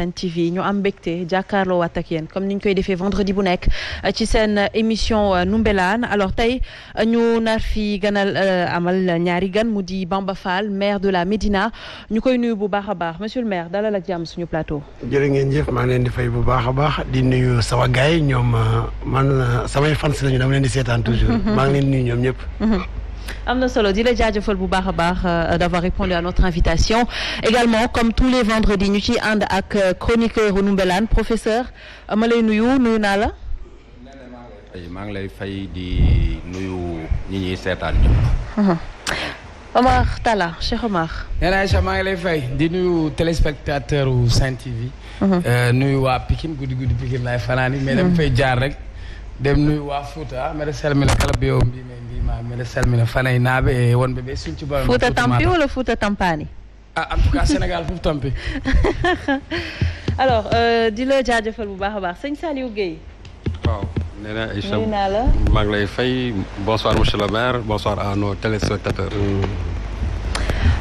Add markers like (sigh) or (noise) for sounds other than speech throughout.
Sen TV ñu am mbégte jàkkaarloo waat ak yéen comme ni ñu koy defee vendredi bu nekk ci seen émission euh, Numbelaan alors tey ñu nar fi ganal euh, amal ñaari gan mu di Bamba Fall maire de la Médina ñu koy nuyu bu baax a baax monsieur le maire dalal ak jàmm suñu plateau. jërë ngeen jëf maa ngi leen di fay bu baax a baax di nuyu sama gars yi ñoom euh, man samay fans lañu dama leen di seetaan toujours. (laughs) maa ngi leen di nuyu ñoom ñëpp. Mhm. am na solo di la jaajëfal bu baax a baax euh, d'avoir répondu à notre invitation également comme tous les vendredis ñu ci ànd ak euh, chroniqueur Ndoumbelane professeur euh, ma lay nuyu nuyu naa la. maa ngi lay fay di nuyu ñi ñuy seetaan ñëpp. Omar Talla Cheikh Omar. nee naa Aïcha maa ngi lay fay di nuyu téléspectateur u Sen TV. nuyu waa Pikine guddi guddi Pikine laay fanaani mais dem fay jaar rek dem nuyu waa Fouta mais de sell mi la kala bi yow mbii mbima mbiɗa salmina fana e tampani ah en tout cas (laughs) euh, di la jaajëfal bu baax a baax sëñ Saliou Guèye waaw nee na Aïcha maa ngi lay fay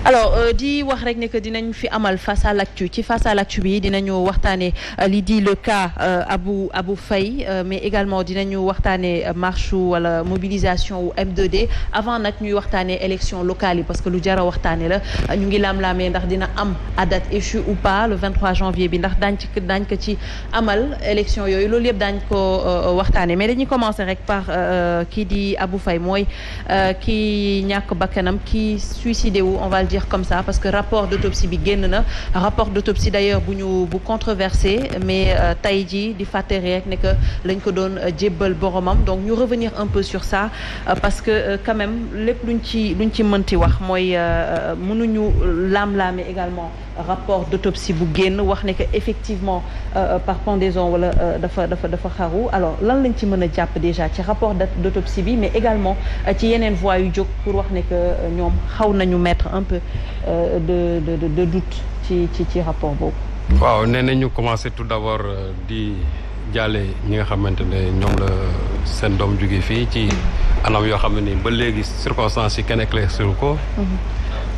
alors euh, di wax rek ne que dinañ fi amal face à ci face à l'actu bi dinañu waxtaane euh, li di le cas euh, Abou abu Faye mais également dinañu waxtaane marche wala mobilisation wu M2D avant nag ñuy waxtaane élection locale yi parce que lu jara waxtaane la ñu ngi laam-laamee ndax dina am à date échue ou pas le janvier bi ndax daañ ci daañ ko ci amal élection yooyu loolu yëpp daañ ko waxtaane mais dañuy commencer rek par kii di abu Faye mooy kii ñàkk bakkanam kii suicidé wu on dire comme ça parce que rapport d'autopsie bi génn na rapport d'autopsie d'ailleurs bu ñu bu controversé mais euh, tey jii di fàttali rek ne que lañ ko doon euh, jébbal boromam donc ñu revenir un peu sur ça euh, parce que quand même lépp luñ ci luñ ci mënti wax mooy mënuñu laam-laame également rapport d'autopsie bu génn wax ne que effectivement euh, euh, par pendaison wala euh, dafa dafa dafa xaru alors lan lañ ci mën a jàpp déjà ci rapport d'autopsie bi mais également ci yeneen voies yu jóg pour wax ne que ñoom xaw nañu mettre un peu de de de doute ci ci ci rapport boobu. waaw nee ñu commencé tout d'abord di jàlle ñi nga xamante ne ñoom la seen doom jóge fii ci anam yoo xam ne ba léegi circonstances yi kenn éclaircir ko mhm.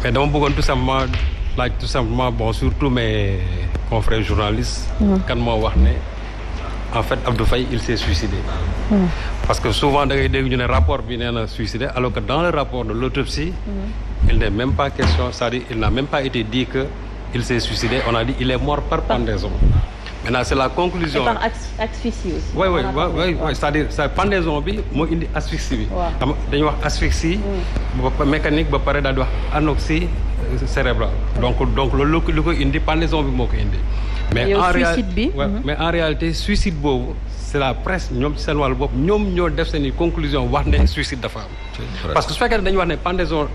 mais dama bëggoon tout simplement laaj tout simplement bon surtout mais mes confrères journalistes. kan moo wax ne en fait Abdou Faye il s'est suicidé. parce que souvent da ngay dégg ñu ne rapport bi nee na suicidé alors que dans le rapport de l'autopsie mm. il n'est même pas question cest dire il n'a même pas été dit que il s'est suicidé on a dit il est mort par ah. pendaison. maintenant c'est la conclusion. par asphyxie aussi. oui oui oui oui cest dire sa pendaison bi moo indi asphyxie bi. dañuy wax asphyxie. ba mécanique ba pare daal di cérébral donc donc loolu lu ko indi pendaison bi moo ko indi mais en réalité mhm. mais en réalité suicide boobu c'est la presse ñoom ci seen wàllu bopp ñoom ñoo def seen i conclusion wax ne suicide dafa am parce que su fekkee ne dañu wax ne pendaison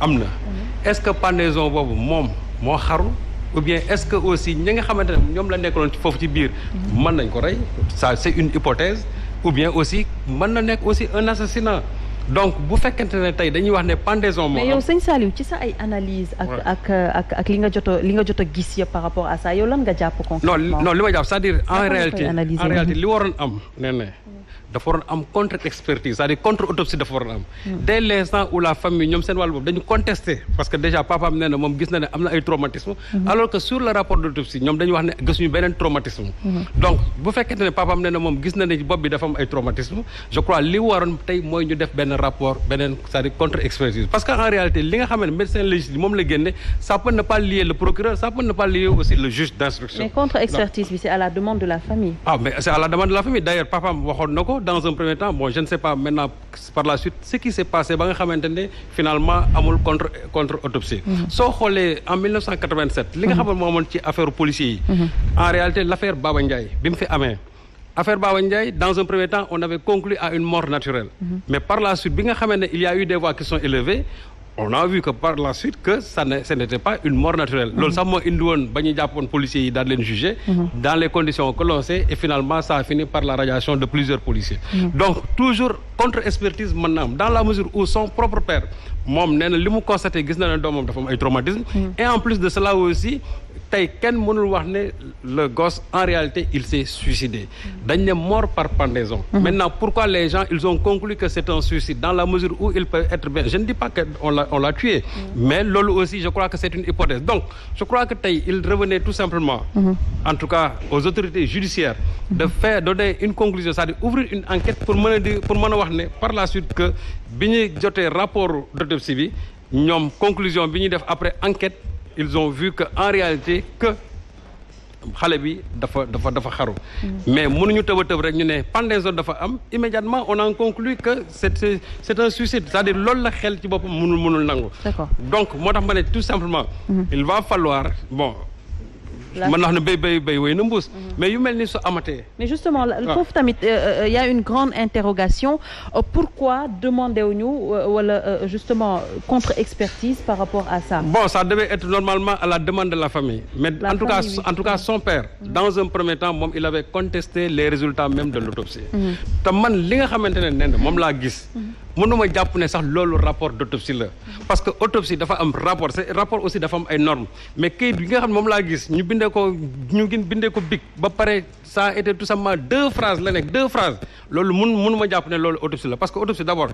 am na mhm. est-ce que pendaison boobu moom moo xaru ou bien est-ce que aussi ñi nga xamante ne ñoom la nekkaloon ci foofu ci biir mhm. mën nañ ko rey ça c'est une hypothèse ou bien aussi mën na nekk aussi un assassinat donc bu fekkente ne tey dañuy wax ne pendaison. moo am mais yow sëñ Saliou ci sa ay analyse ak ak ak ak li nga jot a li nga jot a gis yëpp par rapport à ça yow lan nga jàpp concrètement non non li ma jàpp c'est-à-dire en réalité li waroon am nee dafa waroon am contre expertise cest à contre autopsie dafa waroon am. Hmm. dès l'instant où la famille ñoom seen wàllu boobu dañu contesté parce que déjà papaam nee moom gis na ne am na ay traumatisme hmm. alors que sur le rapport d'autopsie ñoom dañu wax ne gisuñu beneen traumatisme. Hmm. donc bu fekkente ne papaam nee moom gis na ne bopp bi dafa am ay traumatisme je crois li waroon tey mooy ñu def benn rapport beneen cest à contre expertise parce que en réalité na ko dans un premier temps bon je ne sais pas maintenant par la suite ce qui s'est passé ba nga xamante ne finalement amul contre autopsie mhm. soo xoolee en li nga mhm. xamoon moo ci affaire policiers yi mhm. en réalité l'affaire Baba Ndiaye bi fi amee affaire Baba Ndiaye dans un premier temps on avait conclu à une mort naturelle mais par la suite bi nga xamante il y a eu des voix qui sont on a vu que par la suite que ça ne ce n'était pas une mort naturelle loolu sax moo indi woon ba ñu jàppoon policiers juger dans les conditions que et finalement ça a fini par la radiation de plusieurs policiers donc toujours contre-expertise mën dans la mesure où son propre père moom nee li mu constaté gis ne doomam dafa am ay traumatisme et en plus de cela aussi tey kenn mënul wax ne le gos en réalité il s'est suicidé dañ ne mort par pendaison mhm. maintenant pourquoi les gens ils ont conclu que c'est un suicide dans la mesure où il peut être bien je ne dis pas que on l'a on l'a tué mhm. mais loolu aussi je crois que c'est une hypothèse donc je crois que tey il revenait tout simplement mhm. en tout cas aux autorités judiciaires de faire donner une conclusion c'est-à-dire ouvrir une enquête pour mën a di pour mën a wax ne par la suite que bi ñuy jotee rapport d'autopsie bi ñoom conclusion bi ñuy def après enquête ils ont vu que en réalité que xale bi dafa dafa dafa xaru mm. mais mënuñu tëb a tëb rek ñu ne pendaison dafa am immédiatement on a conclu que c'est c'est un suicide c'est-à-dire loolu la xel ci boppam mënul mënul nangu donc moo tax ma ne tout simplement mm-hmm. il va falloir bon mën na wax ne béy béy béy wéy na mbuus mhm. mais yu mel ni su amatee mais justement ah. foofu tamit euh, euh, y a une grande interrogation euh, pourquoi demander wu ñu wala justement contre-expertise par rapport à ça bon ça devait être normalement à la demande de la famille mais la en tout cas oui. en tout cas son père mm -hmm. dans un premier temps moom il avait contesté de l'autopsie mhm. te man li nga xamante ne nen moom laa gis mhm. mënuma jàpp ne sax loolu rapport d' autopsie la parce que autopsie dafa am rapport c'est rapport aussi dafa am ay normes mais kayit bi nga xam ne moom laa gis ñu bindee ko ñu ngi bindee ko big ba pare ça a été tout simplement deux phrases la nekk deux phrases loolu mun mënuma jàpp ne loolu autopsie la parce que autopsie d' abord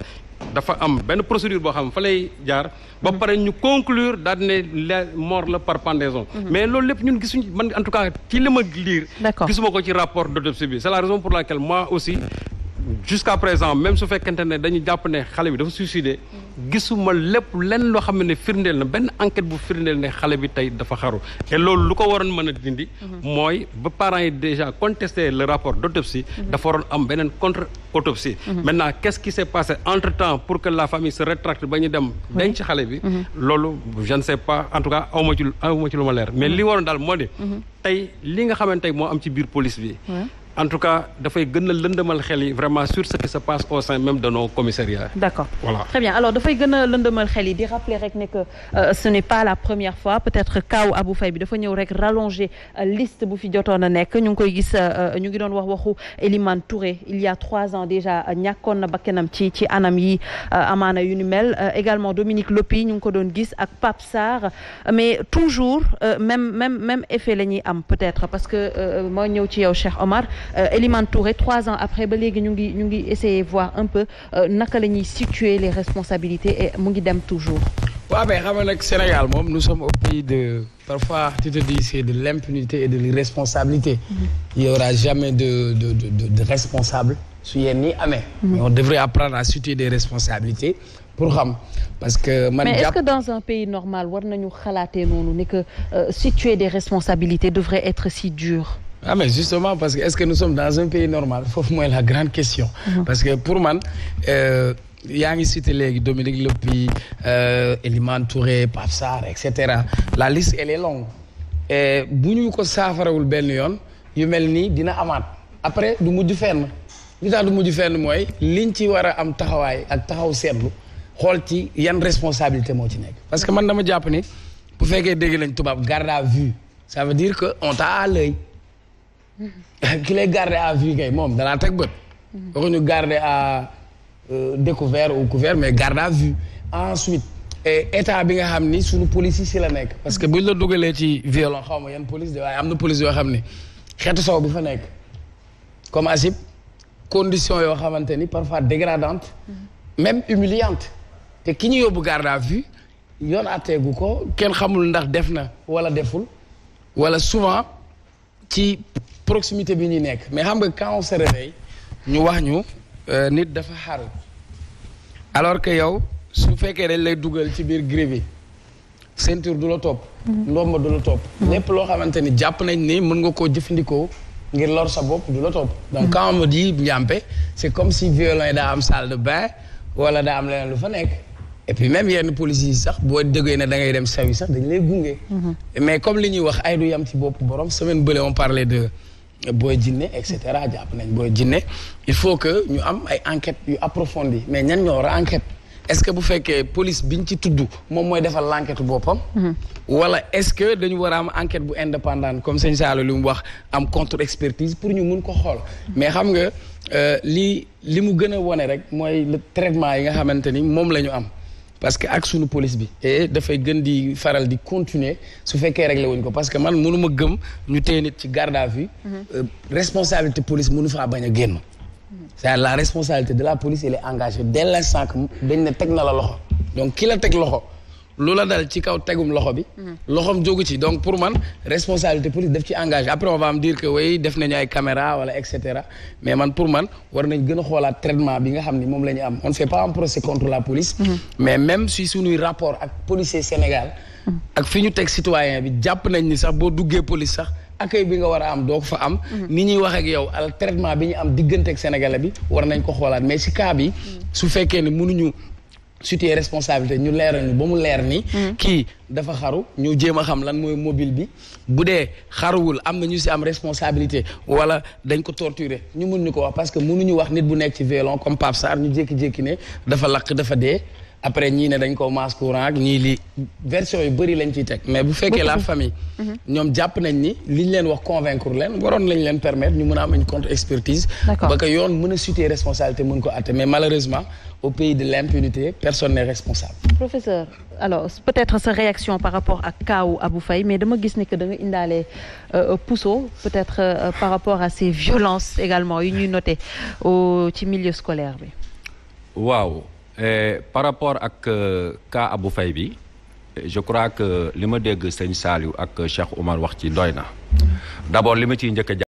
dafa am benn procédure boo xam fa lay jaar ba pare ñu conclure daal ne la mort la par pendaison mhm. mais loolu lépp ñun gisuñu man en tout cas ci li ko ci rapport d' autopsie bi jusqu'à présent même su fekkente ne dañu jàpp ne xale bi dafa suicidé gisuma lépp lenn loo xam ne firndeel na benn enquête bu firndeel ne xale bi tey dafa xaru te loolu lu ko waroon mën a dindi mooy ba parents yi déjà contesté le rapport d'autopsie dafa waroon am beneen contre autopsie maintenant qu'est-ce qui s'est passé entre-temps pour que la famille se rétracte ba ñu dem denc xale bi loolu je ne pas en tout cas awma ci awma ci leer mais en tout cas dafay gën a lëndëmal xel yi vraiment sur ce qui se passe au sein même de nos d'accord très bien alors dafay gën a xel yi di rappeler rek ne euh, ce n'est pas la première fois peut-être kaw Abou Faye bi dafa ñëw rek rallonger euh, liste bu fi jotoon a nekk ñu ngi koy gis euh, ñu ngi doon wax waxu Elimane Touré il y a trois ans déjà ñàkkoon na bakkanam ci ci anam yi amaana yu ni mel également Dominique Lopi ñu ngi ko doon gis ak Pape Sarr même même même la am peut-être parce que moo ñëw ci yow Euh, Eliman Touré trois ans après ba léegi ñu ngi ñu ngi essayer voir un peu euh, naka la ñuy situer les responsabilités et mu ngi dem toujours. waaw xam nga nag Sénégal moom nous sommes au pays de parfois tu te de l'impunité et de l'irresponsabilité mm-hmm. il y aura jamais de de de de responsable su yenn yi amee mais mm-hmm. on devrait apprendre à situer des responsabilités pour xam parce que man mais est-ce que dans un pays normal war nañu xalaatee noonu ne que euh, situer des responsabilités devrait être si dur ah mais justement parce que est-ce que nous sommes dans un pays normal foofu mooy la grande question. Mhm. parce que pour man euh, yaa ngi cité léegi Dominique Lopi euh, Elimane Touré Pape Sarr et cetera la liste est est longue et bu ñu ko saafarawul benn yoon yu mel nii dina amaat après du mujj fenn li tax du mujj fenn mooy liñ ci war a am taxawaay ak taxaw seetlu xool ci yan responsabilité moo ci nekk. parce que man dama jàpp ni bu fekkee dégg lañ tubaab garde à vue ça veut que on t'a à l'œil (laughs) ki lay garder à vue kay moom dalaa teg bët. waxuñu garder à euh, découvert ou couvert mais garde à vue ensuite eh, état bi nga xam ni suñu police yi si la nekk. parce que bu ñu la dugalee ci violon xaw ma yan police de waaye am na police yoo xam ni xeetu sow bi fa nekk comme asib condition yoo xamante ni parfois dégradante même humiliante te ki ñu yóbbu garde à vue yoon atteegu ko kenn xamul ndax def na wala deful wala souvent ci proximité bi ñuy nekk mais xam nga quand on ñu wax ñu euh, nit dafa xaru alors que yow su fekkee dañ lay dugal ci biir gré bi ceinture du la topp. ndomba du la topp. lépp loo xamante ni jàpp nañ ni mën nga koo jëfandikoo ngir lor sa bopp du la topp. donc quand on me njàmpe c'est comme si violon daa am salle de bain wala daa am leneen lu fa nekk. et puis même yenn police yi sax boo déggee ne da ngay dem sawi sax dañ lay gunge. Mm-hmm. mais comme li ñuy wax ay du yam ci bopp borom semaine booy jinne et cetera jàpp nañ booy jinne il faut que ñu am ay enquêtes yu approfondies mais ñan ñoo war a enquête est-ce que bu fekkee police biñ ci tuddu moom mooy defal l'enquête boppam. Mm-hmm. wala est-ce que dañu war a am enquête bu indépendant comme sëñ Saalum li wax am contre-expertise pour ñu mun ko xool. mais xam nga euh, li li mu gën a wone rek mooy le traitement yi nga xamante ni moom la ñu am. parce que ak sunu police bi et dafay gën di faral di continuer su fekkee réglé wuñ ko parce que man mënu ma gëm ñu téye nit ci garde à vue mhm. euh, responsabilité police mënu faa bañ a génn cest à la responsabilité de la police elle est engagée dès l'instant que dañ ne teg na la loxo donc ki teg loxo lu la dal ci kaw tegum loxo bi. Mhm. loxoom jógu ci donc pour man responsabilité police def ci engagé après on va me dire que oui def nañu ay caméra wala et mais man pour man war nañ gën a xoolaat traitement bi nga xam ni moom la ñu on ne fait pas un procès contre la police. Mhm. mais même si suñuy rapport ak policier mhm. fi ñu teg citoyen bi jàpp nañ ni sax boo duggee police sax. accueil bi nga war a am doo fa am ni ñuy wax ak yow al traitement bi ñu am diggante ak sénégalais bi war nañ ko xoolaat mais ci cas bi su fekkee ne mënuñu situer responsabilité ñu leeral ñu ba mu leer nii hmm. kii dafa xaru ñu jéem a xam lan mooy mobile bi bu dee xaruwul am na ñu si am responsabilité wala dañ ko torturer ñu mun ñu ko wax parce que mënuñu wax nit bu nekk ci violon comme Pape Sarr ñu jékki-jékki ne dafa lakk dafa dee après ñii ne dañ koo masse courant ñii li version yu bëri lañ ci teg mais bu fekkee la famille mhm. ñoom jàpp nañ ni liñ leen wax convaincre leen waroon lañ leen permettre ñu mun a am une contre expertise ba que yoon mën a situer responsabilité mën ko atte mais malheureusement au pays de l'impunité personne n'est responsable professeur alors peut-être sa réaction par rapport ak kaawu Abou Faye mais dama gis ni que da indaale euh, puso peut-être euh, par rapport à ces violences également yu ñuy noté ci milieu scolaire bi Eh, par rapport ak euh, cas euh, Abou Faye bi je crois que li ma dégg sëñ Saliou ak Cheikh Oumar wax ci doy na d'abord li ma ciy njëkk a